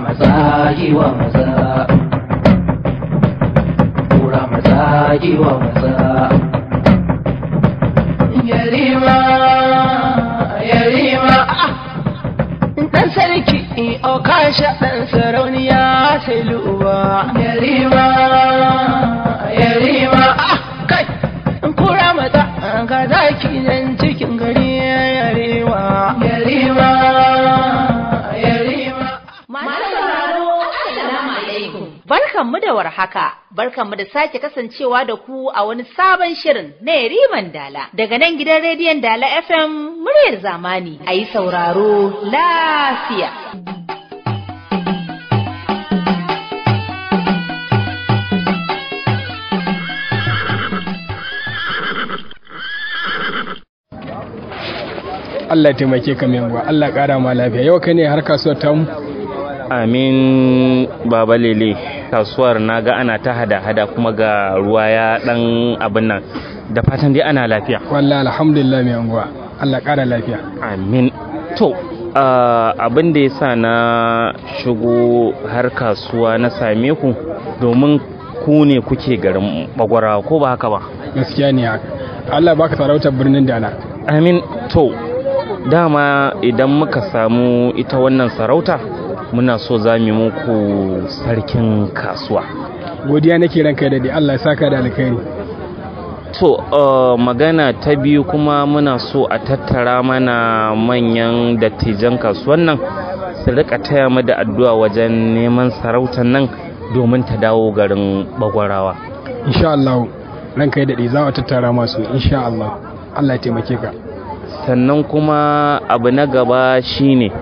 masaji wa masa kura wa yarima yarima dan sarki o sarauniya sai yarima yarima kai kura mata ga zaki nan barkanmu da warhaka, barkanmu da sake kasancewa da ku a wani sabon shirin na Riman Dala. Daga nan gidan rediyon Dala FM muryar zamani, a yi sauraro lafiya. Allah ya taimake ka mai Allah ƙara ma lafiya yau ka ne har kasuwar tamu amin baba lele kasuwar na ga ana ta hada-hada kuma ga ruwa ya dan abin nan da fatan dai ana lafiya wallahi alhamdulillah mai anguwa Allah kara lafiya amin to abin da ya sa na shigo har kasuwa na same ku domin ku ne kuke garin bagwara ko ba haka ba gaskiya ne haka Allah baka sarautar birnin dana. amin to dama idan muka samu ita wannan sarauta muna so za mu muku sarkin kasuwa godiya nake ranka da Allah ya saka da alkhairi to uh, magana ta biyu kuma muna so a tattara mana manyan dattijan kasuwan nan su rika taya mu da addu'a wajen neman sarautar nan domin ta dawo garin bagwarawa insha Allah ranka da daɗe za a tattara masu insha Allah Allah ya taimake ka sannan kuma abu na gaba shine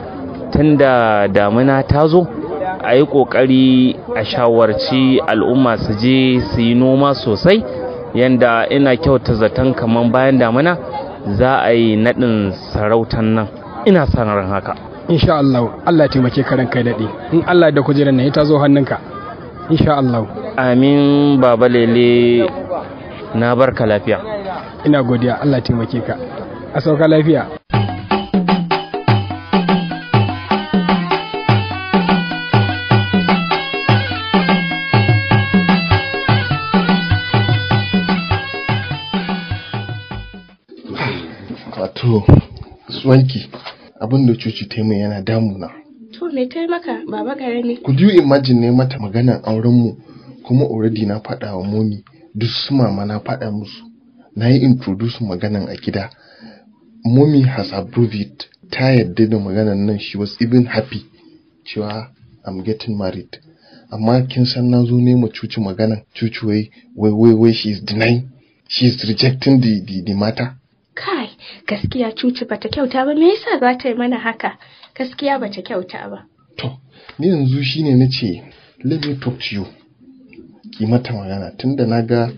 tun da damina ta zo a yi ƙoƙari a shawarci al'umma su je su yi noma sosai yanda ina kyauta zaton kamar bayan damina za a yi naɗin sarautan nan ina son ran haka insha Allah Allah taimake ka kai daɗi in Allah da kujerar nan ta zo hannunka insha Allah amin baba lele na barka lafiya ina godiya Allah taimake ka a sauka lafiya To, wanki, abin da cuci ta mai yana damuna. To, me ta maka baba gare ne? Could you imagine ne mata maganar aurenmu kuma already na faɗa wa momi duk su mama na faɗa musu. Na yi introduce maganan a gida. Momi has approved it. Ta yadda da maganan nan she was even happy cewa I'm getting married. Amma kin san na zo ne ma cuci maganan cuci wai wai wai she is denying she is rejecting the the, the matter. kai gaskiya cuci bata kyauta ba me yasa za ta yi mana haka gaskiya bata kyauta ba to ni yanzu shine na ce let me talk to you ki mata magana tunda na ga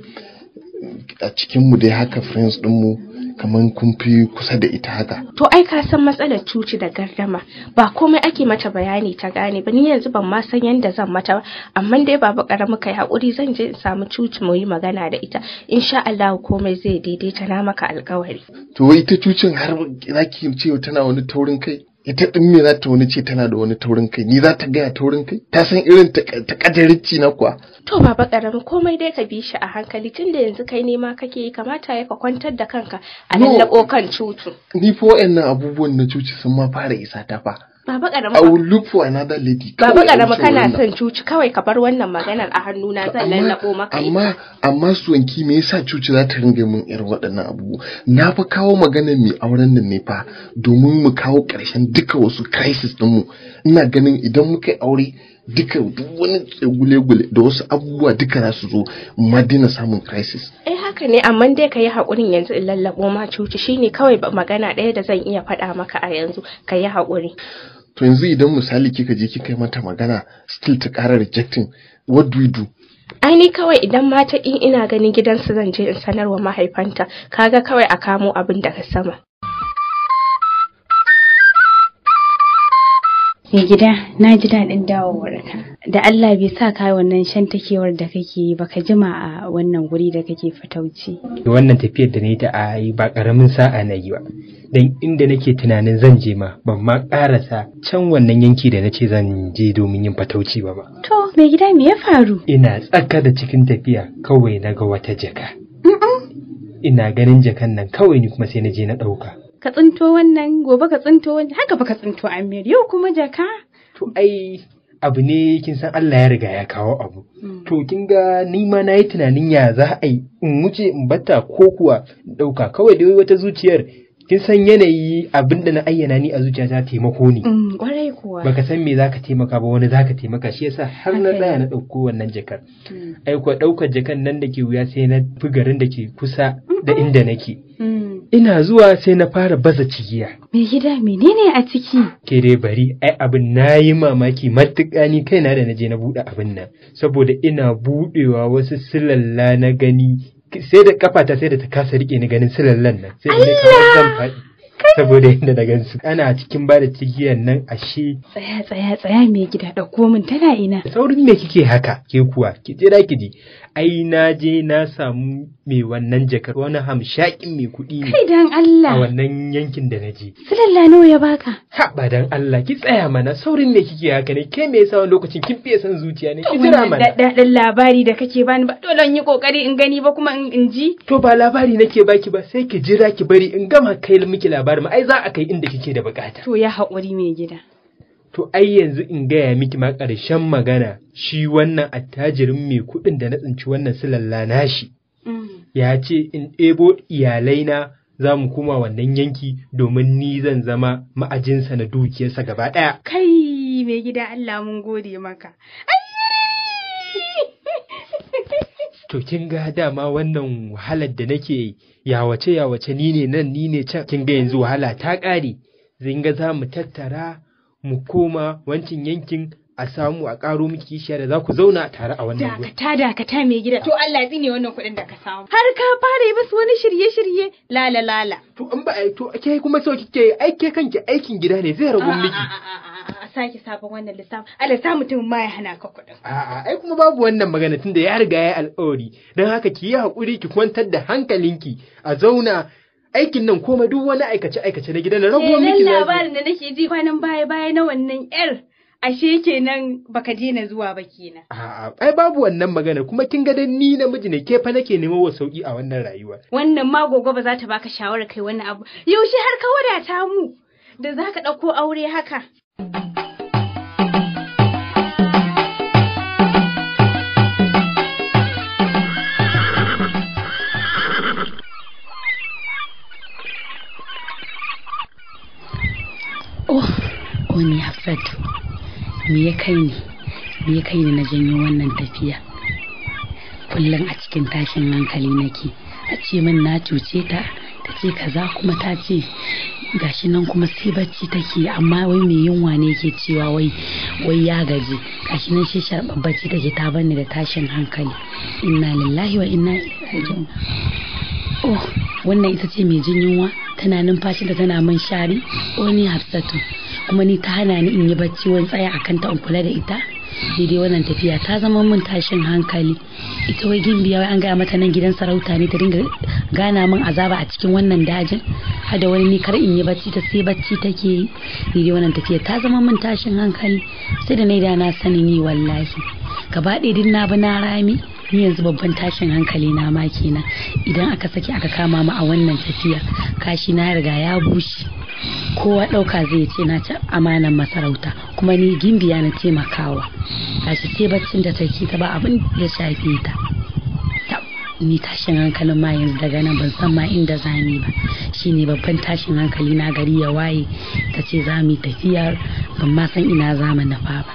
a cikinmu dai haka friends ɗinmu kamar kun fi kusa da ita haka to ai ka san matsalar cuci da gardama ba komai ake mata bayani ta gane ba ni yanzu ban ma san yanda zan mata ba amma dai baba karamu kai hakuri zan je in samu cuci mu yi magana da ita insha Allah komai zai daidaita na maka alkawari to ita cucin har zaki ce tana wani taurin kai ita din me za ta wani ce tana da wani taurin kai ni za ta gaya taurin kai ta san irin ta kadarici na kuwa to baba karami komai dai ka bi shi a hankali tunda yanzu kai nema kake yi kamata ya ka kwantar da kanka a lallabo kan cutu ni fa nan abubuwan na cuci sun ma fara isa ta fa Baba karama. I will look for another lady. Baba karama kana son cuci kawai ka bar wannan maganar a hannuna zan lallabo maka. Amma amma suwanki me yasa cuci za ta ringa mun irin waɗannan abubuwa? Na fa kawo maganar mai auren nan ne fa domin mu kawo ƙarshen duka wasu crisis ɗinmu. Ina ganin idan muka yi aure duka duk wani tsegule-gule da wasu abubuwa duka za su zo madina samun crisis. Eh haka ne amma dai ka yi haƙurin yanzu in lallabo ma cuci shine kawai magana ɗaya da zan iya faɗa maka a yanzu ka yi haƙuri. to yanzu idan misali kika je kika yi mata magana still ta ƙara rejecting what do we do ai ni kawai idan mata in ina ganin gidansu zan je in sanarwa mahaifanta kaga kawai a kamo abin daga sama Mai gida, na ji daɗin dawowarka. Da Allah bai sa ka wannan shan takewar da kake yi ba ka jima a wannan guri da kake fatauci. Wannan tafiyar da na yi ta a yi ba karamin sa'a na yi ba. Dan inda nake tunanin zan je ma ban ma ƙarasa can wannan yanki da na ce zan je domin yin fatauci ba ba To, mai gida me ya faru? Ina tsaka da cikin tafiya kawai na ga wata jaka. Ina ganin jakan nan kawai ni kuma sai na je na ɗauka. ka tsinto wannan gobe ka tsinto wannan haka fa ka tsinto amir yau kuma jaka to ai abu ne kin san Allah ya riga ya kawo abu mm. to kin ga ni ma nayi tunanin ya za a yi in wuce in batta ko kuwa dauka kawai dai wata zuciyar kin san yanayi abin da na ayyana ni a zuciya ta taimako ne. Kwarai mm, kuwa. Baka san me zaka taimaka ba wani zaka taimaka shi yasa har na tsaya na ɗauko wannan jakar. Mm. Ai kuwa ɗaukar jakan nan da ke wuya sai na fi garin da ke kusa da inda nake. ina zuwa sai na fara baza cigiya. Me gida menene a ciki? Ke dai bari ai abin na yi mamaki matuƙa ni kaina da naje na buɗe abin nan saboda ina buɗewa wasu silalla na gani sai da kafata sai da ta kasa riƙe ni ganin silallan nan sai da kamar zan faɗi. saboda yadda na gansu ana cikin ba da cigiyar nan ashe tsaya tsaya tsaya mai gida da komin tana ina saurin me kike haka ke kuwa ki jira ki ji ai na je na samu mai wannan jakar wani hamshakin mai kuɗi ne. Kai dan Allah. A wannan yankin da na je. Silalla nawa ya baka? Ha ba dan Allah ki tsaya mana saurin me kike haka ne ke me yasa wani lokacin kin fiye san zuciya ne ki jira mana. Daɗaɗɗen labari da kake bani ba dole in yi kokari in gani ba kuma in ji. To ba labari nake baki ba sai ki jira ki bari in gama kai miki labarin ma ai za a kai inda kike da bukata. To ya haƙuri mai gida. to ai yanzu in gaya miki ma ƙarshen magana shi wannan attajirin mai kuɗin da na tsinci wannan silalla shi, mm. ya ce in ɗebo iyalaina za mu koma wannan yanki domin ni zan zama ma'ajinsa na dukiyarsa gaba ɗaya. Kai mai gida Allah mun gode maka. To kin ga dama wannan wahalar da nake yawace yawace ni ne nan ni ne can kin ga yanzu wahala ta ƙare. Zinga za mu tattara mu koma wancan yankin a samu a ƙaro miki kishiya da za ku zauna tare a wannan gudu. Dakata dakata mai gida to Allah ya ne wannan kuɗin da ka samu. Har ka fara yi musu wani shirye-shirye lala lala. To in ba a yi to yi kuma so kike aike kanki aikin gida ne zai ragu miki. A sake sabon wannan lissafi Allah sa mutum ma ya hana ka kuɗin. A'a ai kuma babu wannan magana tunda ya riga ya alƙawari don haka ki yi haƙuri ki kwantar da hankalinki a zauna aikin nan komai duk wani aikace aikace na gidan rago miki na labarin da nake ji kwanan baya baya na wannan yar ashe kenan baka na zuwa ba kenan a'a ai babu wannan magana kuma kin ga dan ni namiji ne ke fa nake nemo wa sauki a wannan rayuwa wannan ma gogo ba za ta baka shawara kai wannan abu yaushe har ka wadata mu da zaka dauko aure haka Sa'ad me ya kai ni me ya kai ni na janyo wannan tafiya kullum a cikin tashin hankali nake a ce min na cuce ta ta ce kaza kuma ta ce gashi nan kuma sai bacci take amma wai mai yunwa ne ke cewa wai wai ya gaji gashi nan shi sharɓar bacci take ta bani da tashin hankali inna lillahi wa inna ilaihi oh wannan ita ce mai jin yunwa tana numfashi da tana man shari oni hafsatu kuma ni ta hana ni in yi bacci wani tsaya a kanta in kula da ita daidai wannan tafiya ta zama min tashin hankali ita wai gimbiya wai an gaya mata nan gidan sarauta ne ta dinga gana min azaba a cikin wannan dajin har da wani ni kar in yi bacci ta sai bacci take yi daidai wannan tafiya ta zama min tashin hankali sai da na da na sanin yi wallahi gaba ɗaya din na bi na rami ni yanzu babban tashin hankali na ma kenan idan aka saki aka kama mu a wannan tafiya kashi na riga ya bushe kowa ɗauka zai ce na ci amanan masarauta kuma ni gimbiya na taimakawa shi ce baccin da take ta ba abin ya shafe ta ni tashin hankalin ma yanzu daga nan ban san ma inda za ni ba ne babban tashin hankali na gari ya waye ta ce za mu tafiya ban ma san ina za mu nafa ba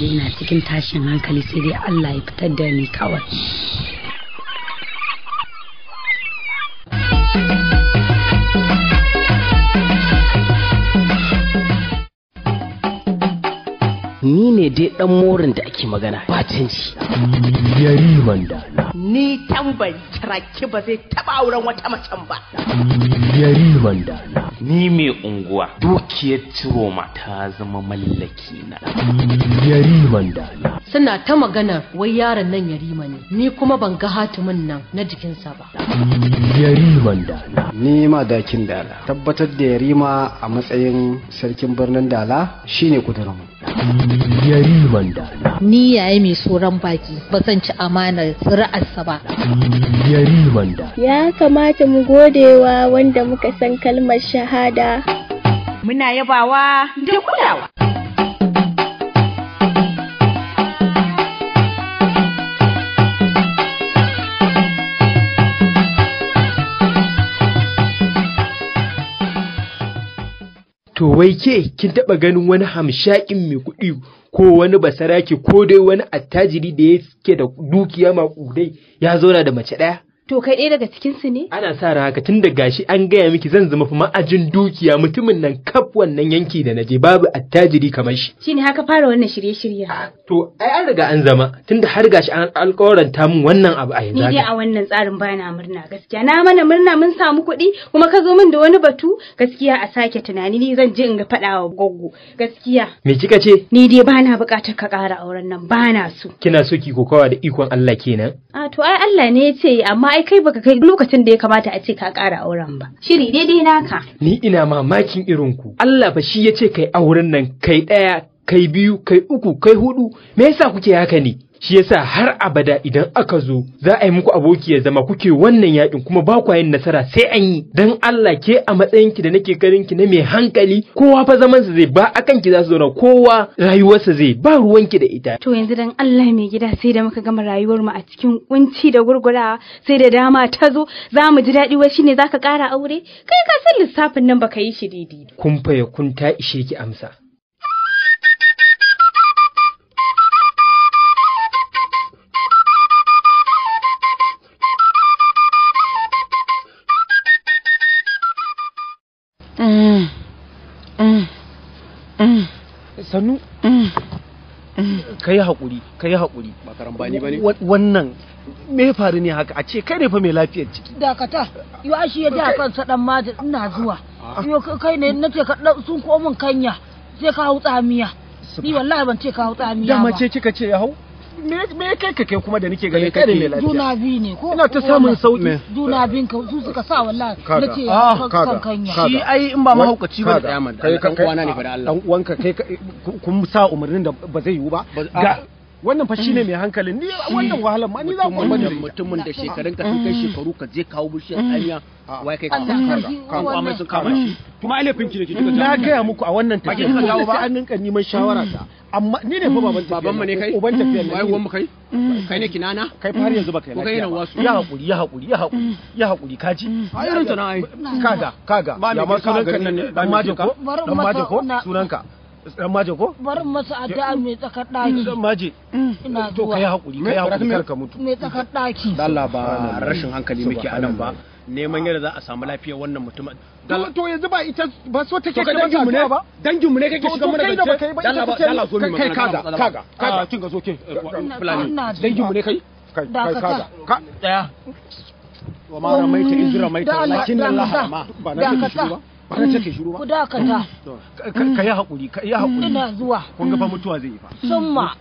ina cikin tashin hankali sai dai Allah ya fitar da ni kawai dai dan morin da ake magana ba batanci yari mandana ni tambari kiraki ba zai taba auren wata macen ba yari mandana ni mai unguwa dukiyar ciroma ta zama mallaki na yari mandana suna ta magana wai yaron nan yari ne ni kuma ban ga hatimin nan na jikinsa ba yari mandana ni ma dakin dala tabbatar da yarima a matsayin sarkin birnin dala shine kudurinmu Yariman dala. Ni yayi mai tsoron baki ba zan ci amanar ra'arsa ba. Ya kamata mu godewa wanda muka san kalmar shahada. Muna yabawa da kulawa. to wai ke kin taɓa ganin wani hamshakin mai kuɗi ko wani basaraki ko dai wani attajiri da yake da dukiya maƙudai ya zauna da mace ɗaya To kai ɗaya daga cikin su ne? Ana sa ra haka tun da gashi an gaya miki zan zama fa ma'ajin dukiya mutumin nan kaf wannan yanki da naje babu attajiri kamar shi. Shine haka fara wannan shirye-shirye. Ah, to ai an riga an zama tunda har gashi an alƙawaranta mun wannan abu a yanzu. Ni dai a wannan tsarin bana murna gaskiya na mana murna mun samu kuɗi kuma ka zo min da wani batu gaskiya a sake tunani ni zan je in ga faɗa wa goggo gaskiya. Me kika ce? Ni dai bana buƙatar ka ƙara auren nan bana so. Kina so ki kokawa da ikon Allah kenan? A ah, to ai Allah ne ya ce amma ai kai baka kai lokacin da ya kamata a ce ka ƙara auren ba shiri daidai naka ni ina mamakin irin ku Allah ba shi ya ce kai auren nan kai ɗaya kai biyu kai uku kai hudu me yasa kuke haka ne shi yasa har abada idan aka zo za a yi muku aboki ya zama kuke wannan yakin kuma ba ku yin nasara sai an yi dan Allah ke a matsayin ki da nake ganin ki na mai hankali kowa fa zaman sa zai ba akan ki za zauna kowa rayuwarsa zai ba ruwan ki da ita to yanzu dan Allah mai gida sai da muka gama rayuwar mu a cikin kunci da gurgurawa sai da dama ta zo za mu ji daɗi wai shine zaka ƙara aure kai ka san lissafin nan baka yi shi daidai kun fa ya kun ta ishe ki amsa sannu mm. ka yi haƙuri ka yi haƙuri ba karambani bane wannan me faru ne haka a ce kai ne fa mai lafiyar ciki dakata yo ashi ya da kansa dan majin ina zuwa ah. yo kai ne nace ka sun ko mun kanya sai ka hau tsamiya ni wallahi ban ce ka hau tsamiya ba dan mace kika ce ya hau me kai ka kai kuma da nake gani kai ne lafiya juna biyu ne ko ina ta samun sauki juna biyun ka su suka sa wallahi nace ah, kan kanya shi ai in ba mahaukaci ba da yaman kai kan uwana ne fa da Allah dan uwanka kai kun sa umarnin da ba zai yiwu ba ah. wannan fa shine mai hankalin ni wannan wahalar ma ni za ku bane mutumin da shekarun ka sun kai shekaru ka je kawo bishiyar mm. hanya ah. wai kai ka kan mai sun kama shi mm. kuma ai laifin ki ne ki na kai muku a wannan take ba an ninka neman shawara ta amma ni ne fa baban tafiya mm. baban ne kai uban mm. tafiya ne uwan mu kai mm. kai ne kinana kai fari yanzu baka yana kai nan wasu ya hakuri ya hakuri ya hakuri ya hakuri kaji a irin ta na ai kaga kaga ya ma sunan kan nan ne dan maje ko dan maje ko sunan ka dan maje ko bari masa addu'a mai tsakar daki dan maje to kai hakuri kai hakuri kar ka mutu mai tsakar daki Allah ba rashin hankali muke anan ba neman yadda za a samu lafiyar wannan mutum to yanzu ba ita ba so take kai mu ne ba dangin mu ne kake shiga mana da kai ba ita take kai kaza kaga kaga ah, kin ga so ke fulani dangin mu ne kai kai kaza ka daya wa ma ramaita izra maita um, lakin Allah ma ba na take shiru ba ba na take shiru ba ku ta ka yi hakuri ka yi hakuri ina zuwa kun ga fa mm. mutuwa zai yi fa summa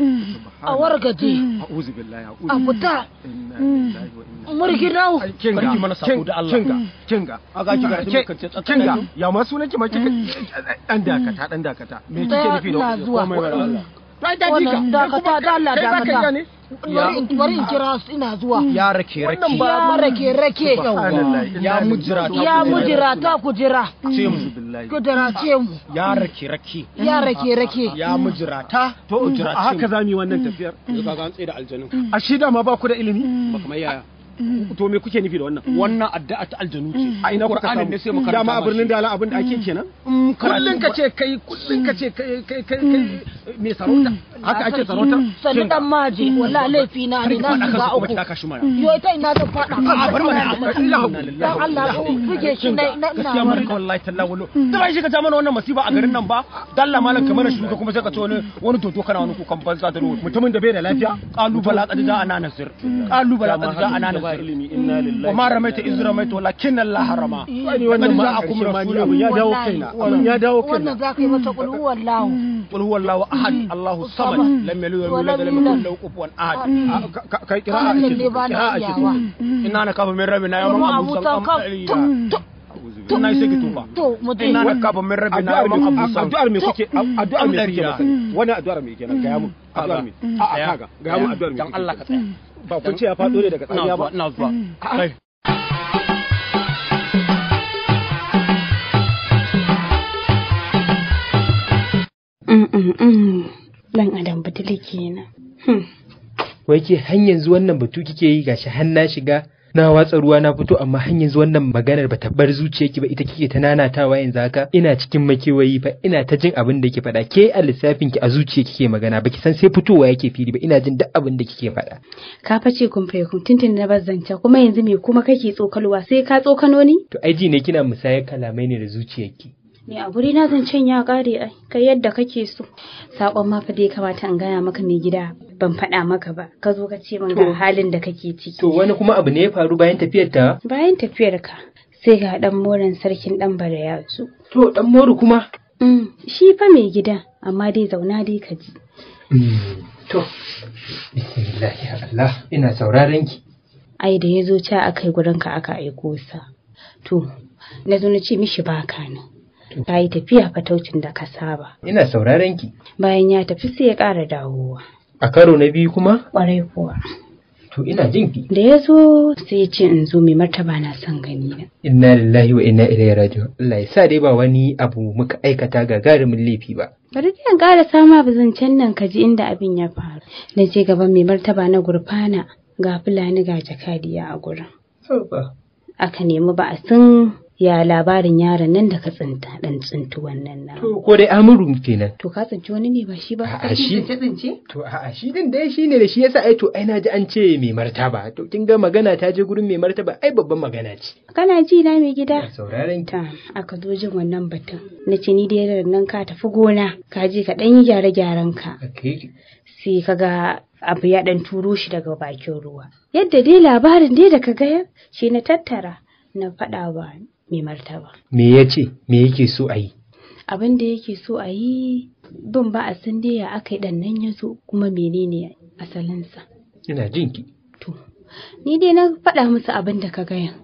Mm. a wargaje mm. a'udhu billahi a fita murginawo kinga kinga a ga kiga kinga ya ma sunan ki kika mm. dan dakata dan dakata me kike nufi da wannan dakata da Allah dakata bari in kira ina zuwa mm. ya rake rake Ya rake rake ya mujira ta ya mujira ta ku jira mm. ce mu ku ce mu ya rake rake ya rake rake ya mujira ta to jira ce haka zamu yi wannan tafiyar ka ga tsaye da aljanu mm. a shi da ma ba ku da ilimi ba kamar yaya Mm. to me kuke nufi da wannan mm. wannan addu'a ta aljanu ce mm. a ina qur'anin ne sai makaranta dama a birnin dala abin da ake kenan kullun ka ce kai kullun ka ce kai kai kai me sarauta haka ake sarauta sai dan maji wallahi laifi na ne na ba uku yo ita ina zan fada a bar mana dan Allah kuke shi na na gaskiya marka wallahi talla wallo da ba shi ka ja mana wannan masiba a garin nan ba dalla malam kamar shi ka kuma sai ka ce wani wani toto kana wani kukan banza da mutumin da bai da lafiya kalubala kadida ana nasir kalubala kadida ana nasir القائل إنا لله وما رميت إذ رميت ولكن wannan yi mata qul huwa mm. qul huwa ahad mm. Allahu samad mm. lam yalid wa yulad lam yakul lahu kufuwan ahad ah, kai kira'a ce kira'a ce inna nakafu min rabbina tun sai tufa ina kafa min rabbi na abu addu'ar me kuke addu'ar me kuke masa wani addu'ar me kenan ga yamu addu'ar me a a kaga ga yamu addu'ar me dan Allah ka tsaya ba kun ce ya faɗo ne daga hmm. tsamiya ba na zuwa hmm. mm, mm, mm. Dan Adam budule kenan. Hmm. Wai ke hanyar zuwan nan batu kike yi gashi har na shiga na watsa ruwa na fito amma har yanzu wannan maganar bata bar zuciyarki ba ita kike ta nanatawa yanzu haka ina cikin makewayi fa ina ta jin abin da kike faɗa ke a lissafin ki a zuciya kike magana baki san sai fitowa yake fili ba ina jin duk abin da kike faɗa ka face kun fa kun tuntun na bazanta kuma yanzu me kuma kake tsokalwa sai ka tsokano ni to ai ji ne kina musayar kalamai ne da zuciyarki ni a guri na can ya kare ai kai yadda kake so sakon ma fa dai kamata in gaya maka mai gida ban faɗa maka ba ka zo ka ce min ga halin da kake ciki to wani kuma abu ne ya faru bayan tafiyar ta bayan tafiyar ka sai ga dan moran sarkin dan bara ya zo to dan moru kuma mm, shi fa mai gida amma dai zauna dai ka ji to bismillah Allah ina sauraron ki ai da ya zo ca akai gurinka aka aiko sa to na zo na ce mishi baka ne ta yi tafiya fataucin da ka saba. Ina sauraron ki. Bayan ya tafi sai ya ƙara dawowa. A karo na biyu kuma? Ƙwarai kuwa. To ina jin ki. Da ya zo sai ya ce in zo mai martaba na son gani na. Inna lillahi wa inna ilaihi raji'un. Allah ya sa dai ba wani abu muka aikata gagarumin laifi ba. Bari dai in ƙara sama zancen nan ka ji inda abin ya faru. Na je gaban mai martaba na gurfana ga fulani ga jakadiya a gurin. Aka nemi ba a san ya labarin yaron nan da ka tsinta dan tsintu wannan na to ko dai amuru kenan to ka tsinci wani ne ba shi ba A'a, shi tsinci? to a'a shi din dai ne da shi yasa ai to ai naji an ce mai martaba to kin ga magana ta je gurin mai martaba ai babban magana ce kana ji na mai gida sauraron ta aka zo jin wannan batun na ce ni dai nan ka tafi gona ka je ka dan yi gyare gyaran ka sai ga abu ya dan turo shi daga bakin ruwa yadda dai labarin dai da ka ga shi na tattara na faɗa wa mai martaba. Me ya ce, me yake so a yi? Abin da yake so a yi bin ba a san dai ya aka yi ɗan nan ya zo kuma menene asalinsa. Ina ki. To, ni dai na faɗa musu abin da ka gaya.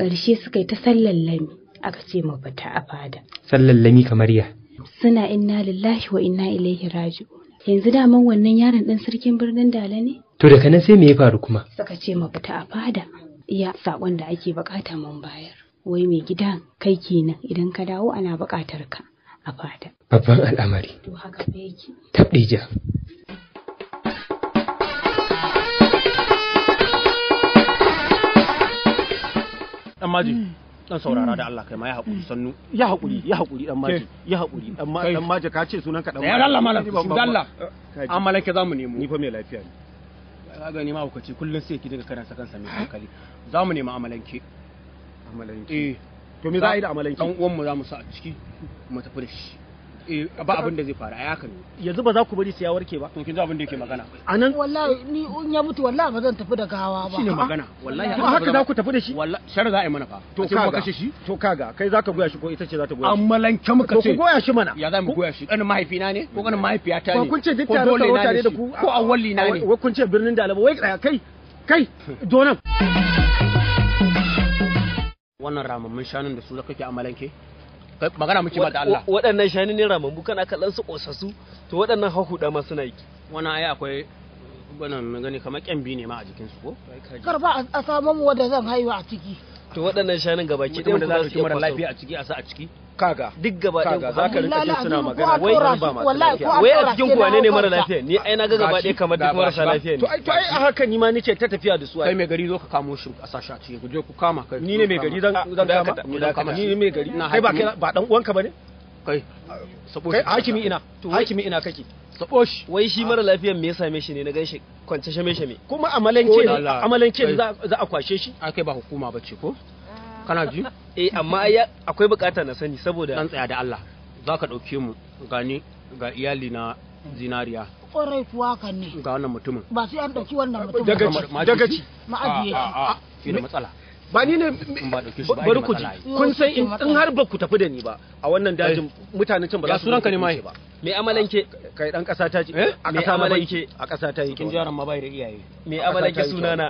Ƙarshe suka yi ta lami aka ce ma fita a fada. lami kamar ya. Suna inna lillahi wa inna ilaihi raji'un. Yanzu daman wannan yaron ɗan sarkin birnin Dala ne? To daga nan sai me ya faru kuma? Suka ce ma fita a fada. Iya saƙon da ake bukata mun bayar. wai mai gidan kai kenan idan ka dawo ana buƙatar ka a fada babban al'amari to haka fa yake tabdija dan maji mm. dan saurara mm. da Allah kai ma ya haƙuri mm. sannu ya haƙuri ya haƙuri dan maji ya haƙuri dan maji ka ce sunan ka dan ya Allah malam dalla eh, amma za mu nemo ni fa mai lafiya ne ka gani ni ma hukaci kullun sai ki daga kana sakan sa mai hankali Za mu nemi amalanke Eh, to a da a ciki mu tafi da shi eh, ba abin da zai faru ai haka ne yanzu ba za ku bari sai warke ba to kin ji abin da yake magana anan wallahi ni in ya mutu wallahi ba zan tafi da gawa ba shine magana wallahi ba haka za ku tafi da shi wallahi shar za a yi mana fa to kaga kashe shi to kaga kai zaka goya shi ko ita ce za ta goya shi muka ce ku goya shi mana ya za mu goya shi ne ko ne ko kun ce duk tare da ku ko na ne ko kun ce birnin wai kai kai donan wannan ramammun shanun da su da kake amalanke magana muke ba da Allah waɗannan shanun ne ramammu kana kallon su ƙosassu to waɗannan da ma suna yi wani ai akwai wannan mun gani kamar kyambi ne ma a jikin su ko ba a samu wanda zan haihu a ciki to waɗannan shanun gabaki ɗaya wanda za su yi mara lafiya a ciki a sa a ciki kaga duk gaba ɗaya za ka rinka jin suna magana wai an ba masu lafiya wai a cikin kuwa ne ne mara lafiya ni ai na ga gaba ɗaya kamar duk marasa lafiya ne to ai a haka ni ma nake ta tafiya da su kai mai gari zo ka kamo shi a sasha a cikin guje ku kama kai ni ne mai gari zan zan kama ni ne mai gari kai ba kai ba dan uwanka bane kai kai hakimi ina hakimi ina kake saboshi wai shi ah. mara lafiyan me ya same shi ne na ganshi kwance shame shame kuma amalanke amalanke za a kwashe shi akai ba hukuma bace ko kana ji eh amma akwai bukata na sani saboda dan tsaya da Allah za ka mu gani ga iyali na zinariya kwarai kuwa kan ne ga wannan mutumin ba sai an dauki wannan mutumin daga daga ci ma'ajiye shi da matsala ba ni ne bari ku ji kun san in har ba ku tafi da ni ba a wannan dajin eh. mutanen can ba za su ranka ne mai ba me amalanke kai dan kasa ta ce eh? a kasa ma ke a kasa ta yi kin jaran ma bai da iyaye me amalanke sunana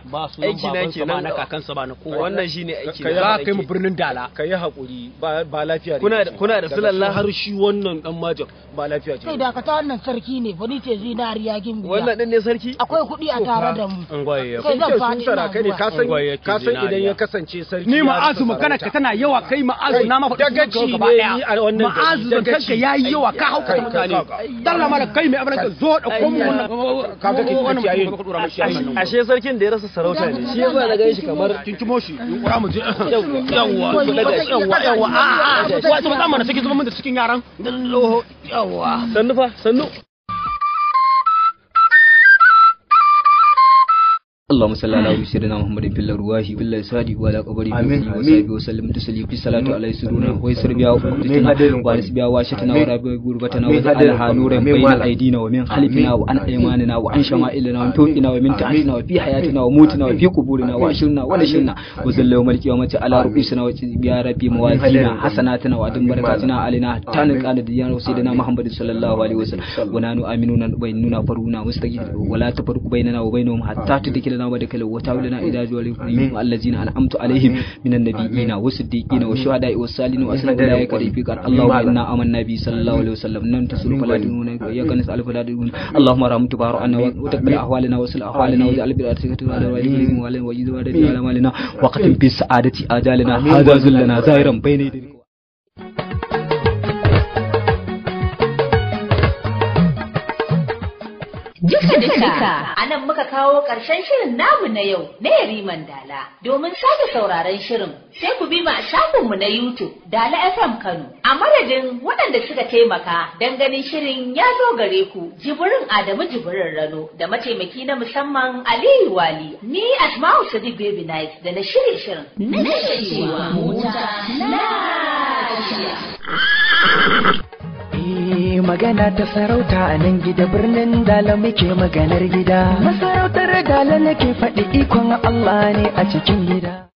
aiki na ke nan na kakansa ba na kowa wannan shine aiki za kai mu birnin dala kai hakuri ba lafiya kuna kuna da sulallah har shi wannan dan major ba lafiya ce kai da ka ta wannan sarki ne fa ni ce zinariya gimbiya wannan din ne sarki akwai kuɗi a tare da mu kai zan fadi ina kai ne ka san ka san idan ya kasance sarki ni ma'azu magana ka tana yawa kai ma'azu na ma faɗi ka gaba daya ma'azu da kanka yayi yawa ka hauka ne dalla mala kai mai abin ka zo da komo wannan kaga ashe sarkin da ya rasa sarauta ne shi yasa na ganin shi kamar kin kimo shi mu je yawa yawa yawa a a wato ba zan mana saki zuba mun da cikin yaran yawa sannu fa sannu aa aa hina aa ia a iaai aaaaaaaaaaaaiaaaia aaaaaa aa ana aaaia aaaaaaaaaaaa a aki a wa da kalau wa tawlina ila jawarin fiyin allazina al'amtu alaihim minan nabiyyin wa siddiqin wa shuhada wa salihin wa asra da ya karifi bi sa'adati ajalina hadha zullana zahiran bayna yadayk Duka duka a nan muka kawo ƙarshen shirin namu na yau na Yariman Dala. Domin sake sauraron shirin sai ku bi ma shafinmu na YouTube Dala FM Kano. A madadin waɗanda suka taimaka don ganin shirin ya zo gare ku jibirin Adamu jibirin Rano da mataimaki na musamman Aliyu Wali. Ni Asma'u Sadiq Baby Night da na shirye shirin. Na cewa mota lafiya. magana ta sarauta a nan gida birnin dala muke maganar gida masarautar dala nake faɗi ikon Allah ne a cikin gida